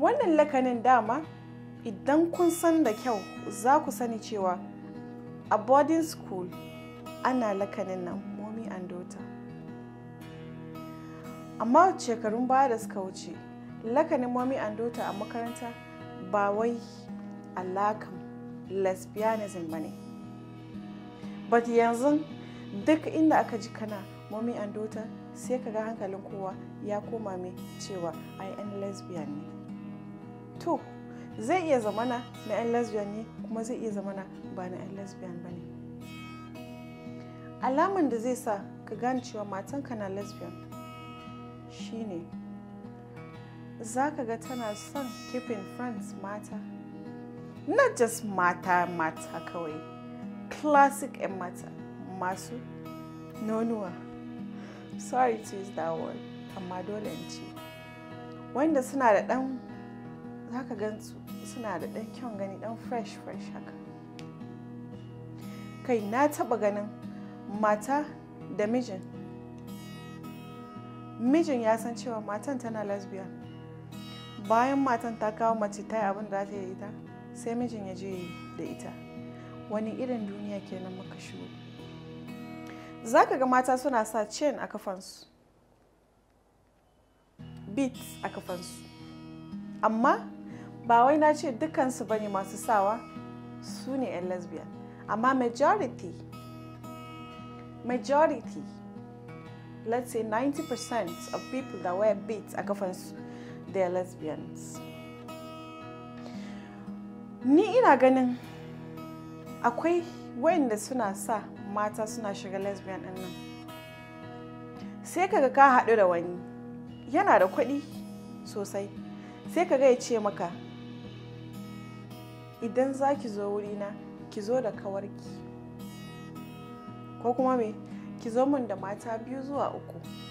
wannan lakanin dama idan kun san da kyau za ku sani cewa a boarding school ana lakanin nan mommy and daughter amma shekarun baya da suka wuce lakanin mommy and daughter a makaranta ba wai alakan lesbianism ba ne but yanzu duk inda aka ji kana mommy and daughter sai ka ga hankalin kowa ya koma mai cewa i am lesbian ne to zai iya zamana na 'yan lesbian ne kuma zai iya zamana ba na 'yan lesbian ba ne alaman da zai sa ka gane cewa matanka na lesbian shine za ka ga tana son keeping friends mata not just mata mata kawai classic 'yan mata masu nonuwa sorry to use that word amma dole in ce wanda suna da ɗan ka gansu suna da ɗan kyan gani ɗan fresh fresh haka kai na taɓa ganin mata da mijin mijin ya san cewa matan tana lesbian bayan matan ta kawo mace ta yi abin da za ta yi ita sai mijin ya je da ita wani irin duniya kenan muka shigo za ka ga mata suna sa chain a kafansu beats a kafansu amma ba wai na ce dukansu bane masu sawa su ne 'yan lesbian amma majority majority let's say 90% of people that wear beads a kafansu they are lesbians ni ina ganin akwai wayanda suna sa mata suna shiga lesbian din nan sai kaga ka haɗu da wani yana da kuɗi sosai sai kaga ya ce maka idan za ki zo wurina ki zo da kawarki ko kuma me ki zo mun da mata biyu zuwa uku